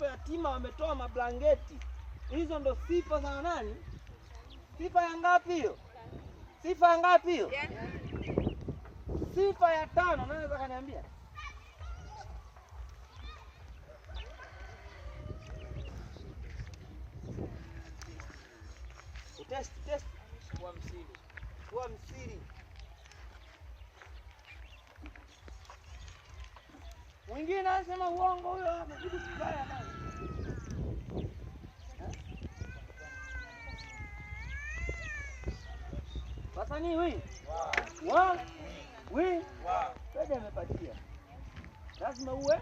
watoto yatima wametoa mablangeti. Hizo ndo sifa za nani? Sifa ya ngapi hiyo? Sifa ya ngapi hiyo? Sifa ya tano. Naweza kaniambia utesti testi wa msingi Mwingine anasema uongo huyo amejibu vibaya bana. Wasanii wi wa wi pede amepatia, lazima uwe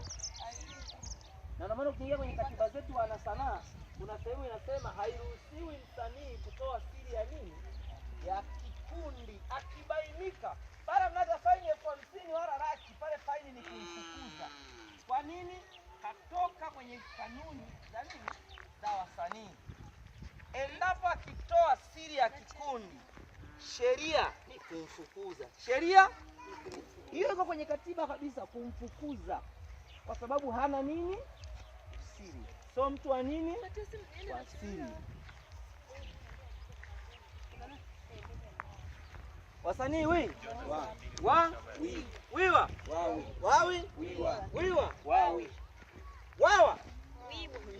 na ndio maana ukiingia kwenye katiba zetu wana sanaa, kuna sehemu inasema hairuhusiwi msanii kutoa siri ya nini ya kundi akibainika bara mnaza faini elfu hamsini wala laki, pale faini ni kumfukuza. Kwa nini? Katoka kwenye kanuni za nini za wasanii. Endapo akitoa siri ya kikundi, sheria ni kumfukuza. Sheria hiyo iko kwenye katiba kabisa, kumfukuza kwa sababu hana nini siri, so mtu wa nini siri wasanii wi wa wiwa wawi wiwa wawa wiwa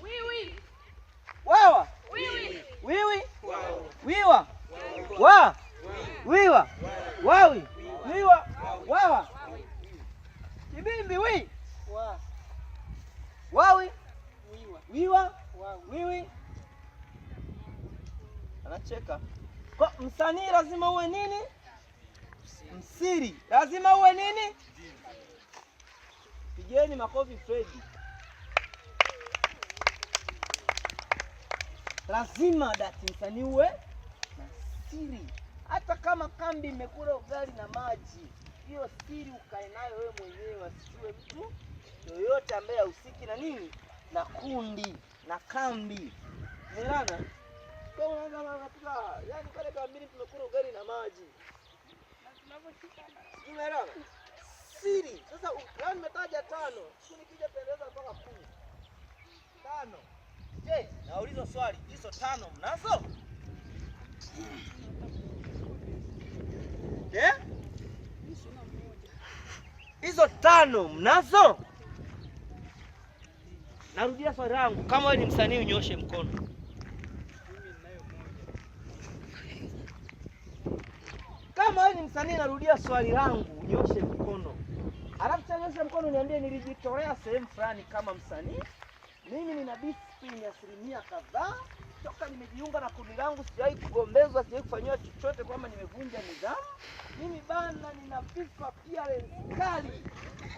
siri lazima uwe nini? Pigeni makofi Fredi. Lazima dati msanii uwe na siri, hata kama kambi imekula ugali na maji, hiyo siri ukae nayo wewe mwenyewe, asijue mtu yoyote ambaye hahusiki na nini na kundi na kambi melana. Yaani kale kambini tumekula ugali na maji Umeelewa? Siri. Sasa leo nimetaja yaani tano, siku nikija pendeza mpaka kumi. Tano. Je, swali, hizo tano mnazo? Hizo tano mnazo? Narudia swali langu, kama wewe ni msanii unyoshe mkono. kama wewe ni msanii, narudia swali langu, nyoshe mkono, alafu chanyosha mkono, niambie nilijitolea sehemu fulani kama msanii, mimi nina discipline asilimia kadhaa toka nimejiunga na kundi langu sijawahi kugombezwa, sijawahi kufanyiwa chochote kwamba nimevunja nidhamu. Mimi bana, nina FIFA pia kali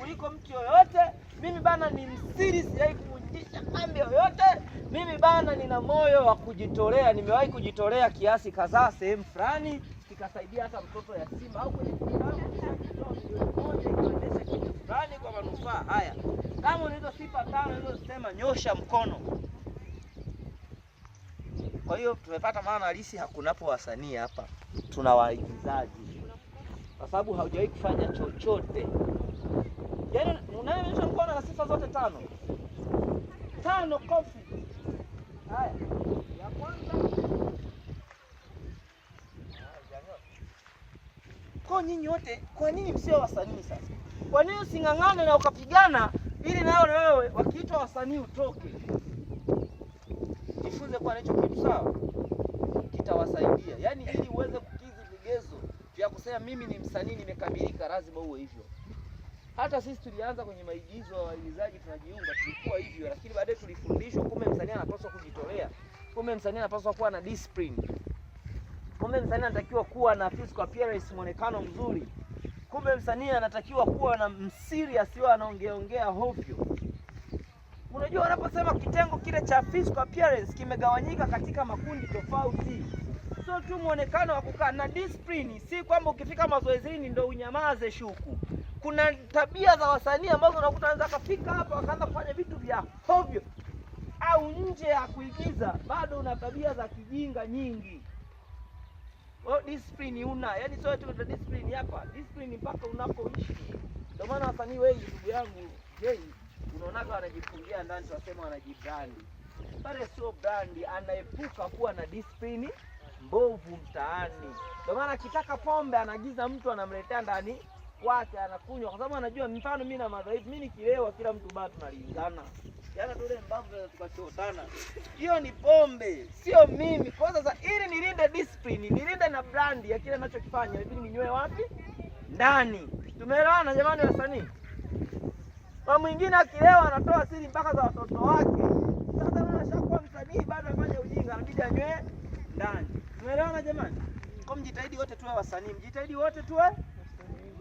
kuliko mtu yoyote. Mimi bana, ni msiri, sijawahi kuvunjisha kambi yoyote. Mimi bana, nina moyo wa kujitolea, nimewahi kujitolea kiasi kadhaa sehemu fulani ikasaidia hata mtoto simba au kwenye kuendesha kitu fulani kwa manufaa haya, kama unahizo sifa tano nilizosema, nyosha mkono. Kwa hiyo tumepata maana halisi, hakunapo wasanii hapa, tuna waigizaji, kwa sababu haujawahi kufanya chochote. Yaani unayenyosha mkono na sifa zote tano tano, kofi. Haya. hao nyinyi wote, kwa nini msio wasanii sasa? Kwa nini using'ang'ane na ukapigana ili nao na wewe wakiitwa wasanii utoke? Jifunze kwa hicho kitu, sawa, kitawasaidia yani ili uweze kukizi vigezo vya kusema mimi ni msanii nimekamilika, lazima uwe hivyo. Hata sisi tulianza kwenye maigizo ya waigizaji tunajiunga, tulikuwa hivyo, lakini baadaye tulifundishwa, kumbe msanii anapaswa kujitolea, kumbe msanii anapaswa kuwa na discipline kumbe msanii anatakiwa kuwa na physical appearance, muonekano mzuri. Kumbe msanii anatakiwa kuwa na msiri, asiwe anaongeongea hovyo. Unajua, wanaposema kitengo kile cha physical appearance kimegawanyika katika makundi tofauti, sio tu muonekano wa kukaa na discipline. Si kwamba ukifika mazoezini ndio unyamaze shuku. Kuna tabia za wasanii ambazo unakuta anaweza akafika hapa wakaanza kufanya vitu vya hovyo, au nje ya kuigiza bado una tabia za kijinga nyingi. Well, discipline una yaani, sio tu discipline hapa, discipline mpaka unapoishi. Ndio maana wasanii wengi ndugu yangu Jay, unaonaga wanajifungia ndani, tunasema wanajibrandi. Pale sio brandi, anaepuka kuwa na discipline mbovu mtaani. Ndio maana akitaka pombe anagiza mtu anamletea ndani kwake anakunywa, kwa sababu anajua. Mfano mimi na madhaifu, mimi nikilewa, kila mtu bado tunalingana jana, yaani tule mbavu tukachotana, hiyo ni pombe, sio mimi. Kwa sasa discipline, nilinde na brand ya kile ninachokifanya, lakini ninywe wapi? Ndani. Tumeelewana jamani, wasanii? Kwa mwingine akilewa anatoa siri mpaka za watoto wake. Sasa mimi nashakuwa msanii bado anafanya ujinga, anabidi anywe ndani. Tumeelewana jamani? Kwa mjitahidi wote tuwe wasanii, mjitahidi wote tuwe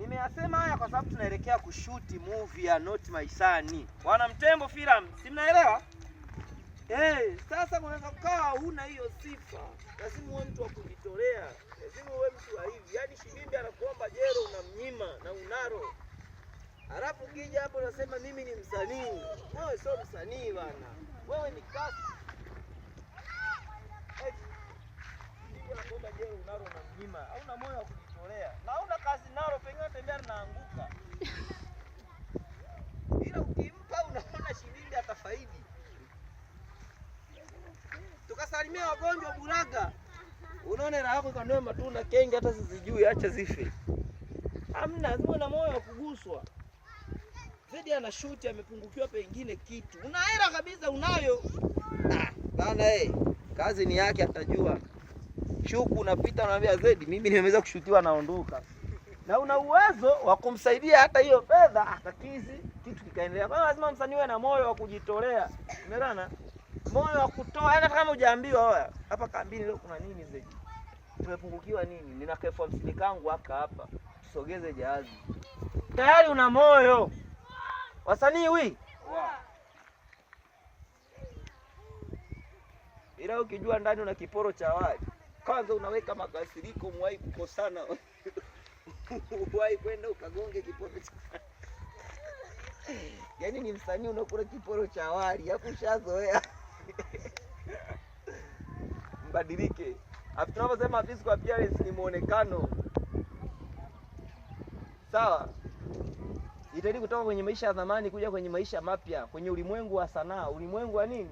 Nimeyasema haya kwa sababu tunaelekea kushuti movie ya Not My Son. Wana Mtembo Film, si mnaelewa? Hey, sasa unaweza ukawa huna hiyo sifa, lazima uwe mtu wa kujitolea, lazima uwe mtu wa hivi. Yaani Shimimbi anakuomba jero unamnyima na unaro, halafu ukija hapo unasema mimi ni msanii. Wewe sio msanii bana, wewe ni kasi. Hey, anakuomba jero unaro, unamnyima. Hauna moyo wa kujitolea na hauna kazi naro pengine tembea naanguka unawasalimia wagonjwa Buraga. unaona raha yako kandoe matunda kengi, hata sizijui, acha zife. Hamna, ziwe na moyo wa kuguswa. Zedi ana shuti, amepungukiwa pengine kitu, una hela kabisa, unayo Ah, bana. eh, kazi ni yake, atajua. Shuku unapita unaambia Zedi, mimi nimeweza kushutiwa, naondoka na una uwezo wa kumsaidia hata hiyo fedha, atakizi ah, kitu kikaendelea. Kwa hiyo lazima msanii uwe na moyo wa kujitolea, umeelewana? moyo wa kutoa, hata kama hujaambiwa wewe hapa kambini leo kuna nini mzee, tumepungukiwa nini, nina elfu hamsini kangu haka hapa, tusogeze jahazi. Tayari una moyo wasanii wi Ila ukijua ndani una kiporo cha wali, kwanza unaweka makasiriko, mwai kukosana mwai kwenda ukagonge kiporo cha yaani ni msanii unakula kiporo cha wali hakushazoea mbadilike. Tunaposema physical appearance ni muonekano, sawa? Itaidi kutoka kwenye maisha ya zamani kuja kwenye maisha mapya, kwenye ulimwengu wa sanaa, ulimwengu wa nini?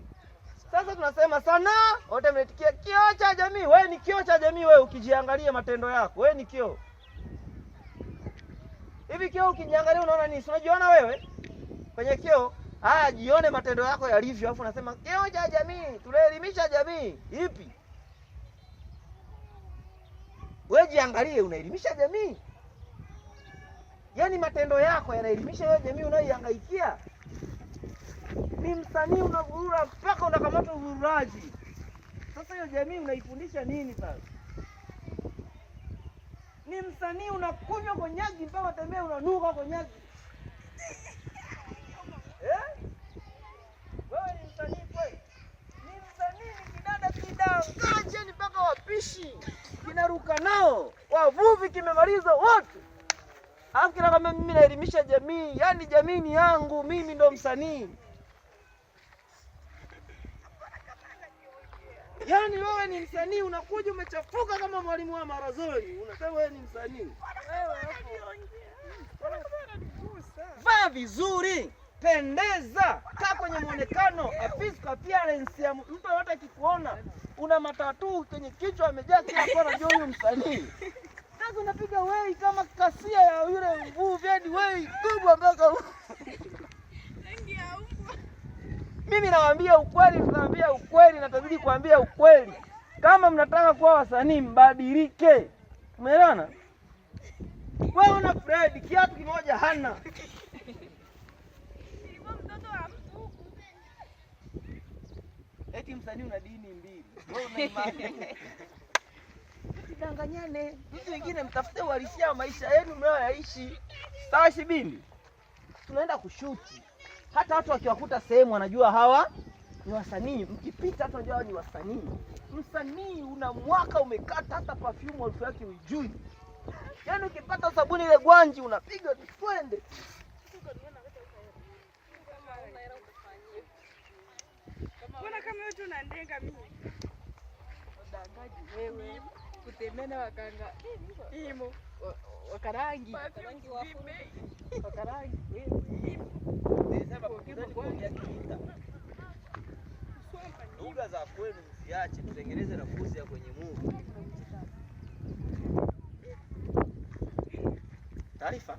Sasa tunasema sanaa, wote mletikia kioo cha jamii. Wewe ni kioo cha jamii, wewe ukijiangalia matendo yako, wewe ni kioo. Hivi kioo ukijiangalia unaona nini? Unajiona wewe kwenye kioo? haya jione matendo yako yalivyo, alafu nasema kionja eh, jamii, tunaelimisha jamii ipi? Wewe jiangalie, unaelimisha jamii? Yaani matendo yako yanaelimisha hiyo jamii unayoihangaikia? Ni msanii unavurura mpaka unakamata uvururaji. Sasa hiyo jamii unaifundisha nini? Sasa ni msanii unakunywa konyagi mpaka tembea unanuka konyagi ngajeni mpaka wapishi, kinaruka nao wavuvi, kimemaliza wote. Alafu kila kama mimi naelimisha jamii, yani jamii ni yangu mimi, ndo msanii. yani wewe ni msanii, unakuja umechafuka kama mwalimu wa Marazoli, unasema wewe ni msanii. Vaa vizuri pendeza, kaa kwenye mwonekano, physical appearance ya mtu yoyote akikuona una matatu kwenye kichwa amejaa kila kona, ndio huyu msanii. Sasa unapiga wei kama kasia ya yule mvuvi, yani wei kubwa mpaka mimi nawaambia ukweli, tunawaambia ukweli na tazidi kuambia ukweli. Kama mnataka kuwa wasanii, mbadilike. Umeelewana? Wewe una Fred kiatu kimoja hana eti msanii una dini mbili, wewe mtu mwingine mtafute uhalisia wa maisha yenu mnayoyaishi. Sawa Shibini, tunaenda kushuti, hata watu wakiwakuta sehemu wanajua hawa ni wasanii, mkipita hata wanajua hawa ni wasanii. Msanii una mwaka umekata, hata perfume harufu yake uijui. Yaani ukipata sabuni ile gwanji unapiga twende. kama yote unandenga mimi. wewe. wakanga. Imo. Wakarangi. Wakarangi Wakarangi Lugha za kwenu msiache, tutengeneze ya kwenye Mungu. Taarifa.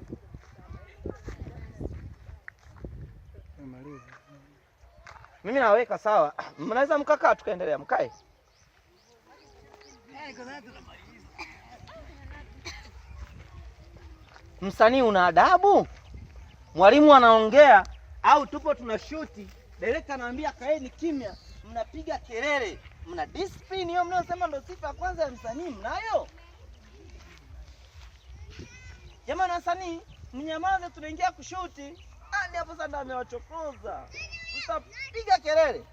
Mimi naweka sawa, mnaweza mkakaa tukaendelea, mkae Msanii una adabu, mwalimu anaongea au tupo tuna shuti, direkta anaambia kaeni kimya, mnapiga kelele, mna discipline hiyo mnayosema ndio sifa ya kwanza ya msanii, mnayo? Jamani wasanii, mnyamaze, tunaingia kushuti. Hadi hapo sasa ndio amewachokoza. Ushapiga kelele.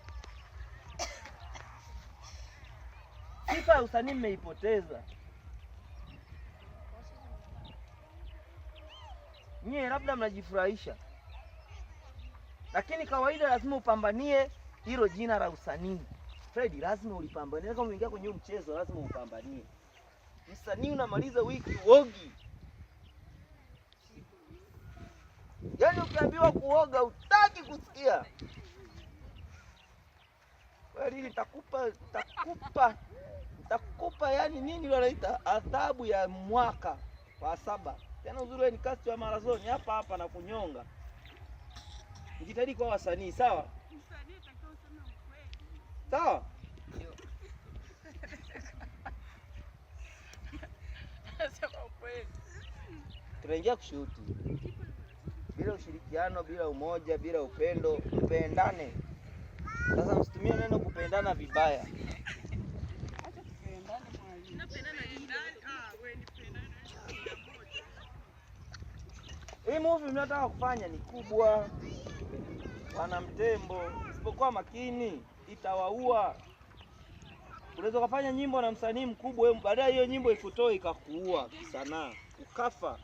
Sifa ya usanii mmeipoteza nyie, labda mnajifurahisha, lakini kawaida lazima upambanie hilo jina la usanii. Fredi, lazima ulipambanie. Kama umeingia kwenye mchezo, lazima upambanie. Msanii unamaliza wiki wogi Yaani ukiambiwa kuoga utaki kusikia. Kweli nitakupa nitakupa nitakupa, yani nini wanaita adhabu ya mwaka wa saba. Tena uzuri wewe ni cast ya marazoni hapa hapa na kunyonga. Nijitahidi kwa wasanii, sawa? Sawa? Tunaingia kushuti bila ushirikiano, bila umoja, bila upendo. Mpendane. Sasa msitumie neno kupendana vibaya. Hii movie mnataka kufanya ni kubwa, wana Mtembo, sipokuwa makini itawaua. Unaweza ukafanya nyimbo na msanii mkubwa, baadaye hiyo nyimbo ifutoe ikakuua kisanaa, ukafa.